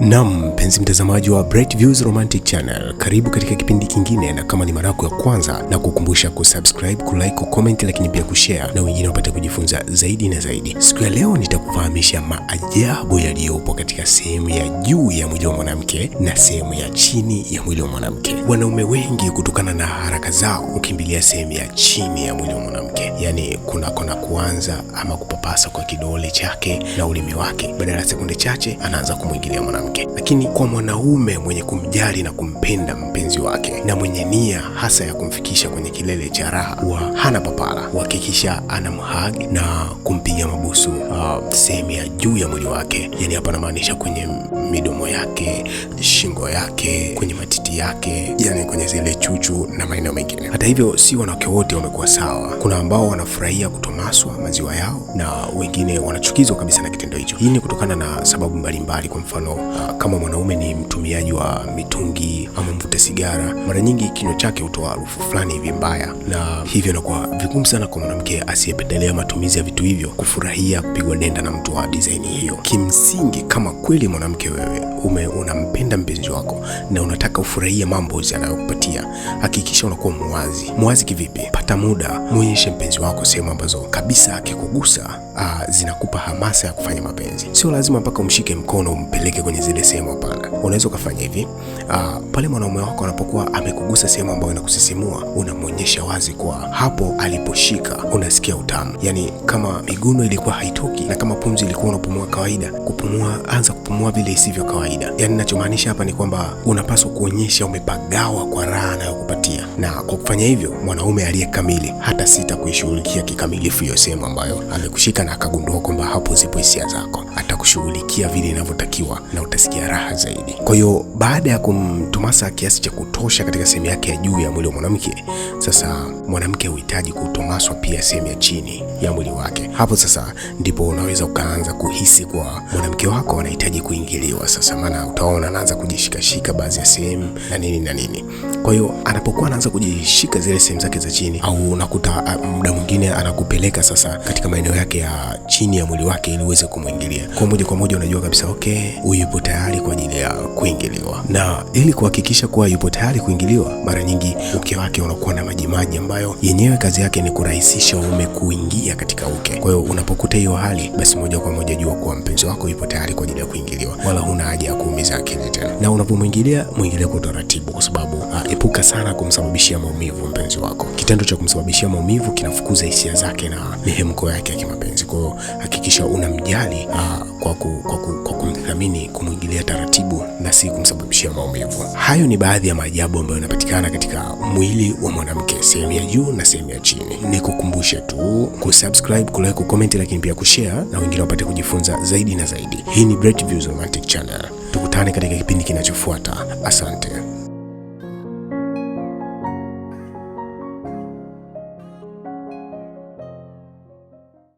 Nam Mpenzi mtazamaji wa Bright Views Romantic Channel, karibu katika kipindi kingine, na kama ni mara yako ya kwanza na kukumbusha kusubscribe, kulike, kucomment, lakini pia kushare na wengine wapate kujifunza zaidi na zaidi. Siku ya leo nitakufahamisha maajabu yaliyopo katika sehemu ya juu ya mwili wa mwanamke na sehemu ya chini ya mwili wa mwanamke. Wanaume wengi kutokana na haraka zao hukimbilia sehemu ya chini ya mwili wa mwanamke, yaani kunakona kuanza ama kupapasa kwa kidole chake na ulimi wake, badala ya sekunde chache anaanza kumwingilia mwanamke, lakini kwa mwanaume mwenye kumjali na kumpenda mpenzi wake na mwenye nia hasa ya kumfikisha kwenye kilele cha raha wa hana papara. ana mhag na kumpiga mabusu uh, sehemu ya juu ya mwili wake, yani hapa namaanisha kwenye midomo yake, shingo yake, kwenye matiti yake, yani kwenye zile chuchu na maeneo mengine. Hata hivyo, si wanawake wote wamekuwa sawa. Kuna ambao wanafurahia kutomaswa maziwa yao na wengine wanachukizwa kabisa na kitendo hicho. Hii ni kutokana na sababu mbalimbali Kwa mfano, uh, kama mwanaume ni mtumiaji wa mitungi ama mvuta sigara, mara nyingi kinywa chake hutoa harufu fulani hivi mbaya, na hivyo inakuwa vigumu sana kwa mwanamke asiyependelea matumizi ya vitu hivyo kufurahia kupigwa denda na mtu wa dizaini hiyo. Kimsingi, kama kweli mwanamke wewe ume unampenda mpenzi wako na unataka ufurahie mambo yanayokupatia, hakikisha unakuwa mwazi. muwazi kivipi? Pata muda muonyeshe mpenzi wako sehemu ambazo kabisa akikugusa uh, zinakupa hamasa ya kufanya mapenzi. Sio lazima mpaka umshike mkono umpeleke kwenye zile sehemu, hapana. Unaweza ukafanya hivi uh, pale mwanaume wako anapokuwa amekugusa sehemu ambayo inakusisimua, unamwonyesha wazi kwa hapo aliposhika unasikia utamu, yani kama miguno ilikuwa haitoki na kama pumzi ilikuwa unapumua kawaida, kupumua, anza kupumua vile isivyo kawaida. Yani nachomaanisha hapa ni kwamba unapaswa kuonyesha umepagawa kwa raha na na kwa kufanya hivyo mwanaume aliye kamili hata sita kuishughulikia kikamilifu hiyo sehemu ambayo amekushika na akagundua kwamba hapo zipo hisia zako, atakushughulikia vile inavyotakiwa na utasikia raha zaidi. Kwa hiyo baada ya kumtumasa kiasi cha kutosha katika sehemu yake ya juu ya mwili wa mwanamke, sasa mwanamke huhitaji kutomaswa pia sehemu ya chini ya mwili wake. Hapo sasa ndipo unaweza ukaanza kuhisi kwa mwanamke wako anahitaji kuingiliwa sasa, maana utaona anaanza kujishikashika baadhi ya sehemu na nini na nini. Kwa hiyo anapokuwa anaanza kuanza kujishika zile sehemu zake za chini, au unakuta ah, muda mwingine anakupeleka sasa katika maeneo yake ya chini ya mwili wake ili uweze kumwingilia kwa moja kwa moja. Unajua kabisa okay, huyu yupo tayari kwa ajili ya kuingiliwa, na ili kuhakikisha kuwa yupo tayari kuingiliwa, mara nyingi uke wake unakuwa na majimaji ambayo yenyewe kazi yake ni kurahisisha uume kuingia katika uke. Kwa hiyo unapokuta hiyo hali, basi moja kwa moja jua kuwa mpenzi wako yupo tayari kwa ajili ya kuingiliwa, wala huna haja ya kuumiza akili tena, na unapomwingilia mwingilie kwa utaratibu, kwa sababu ah, epuka sana kumsababishia maumivu mpenzi wako. Kitendo cha kumsababishia maumivu kinafukuza hisia zake na mihemko yake ya kimapenzi. Kwa hiyo hakikisha unamjali ah, kwa, ku, kwa, ku, kwa kumthamini, kumwingilia taratibu na si kumsababishia maumivu. Hayo ni baadhi ya maajabu ambayo yanapatikana katika mwili wa mwanamke, sehemu ya juu na sehemu ya chini. Nikukumbushe tu kusubscribe, kulike, kucomment, lakini pia kushare na wengine wapate kujifunza zaidi na zaidi. Hii ni Bright Views Romantic Channel. Tukutane katika kipindi kinachofuata. Asante.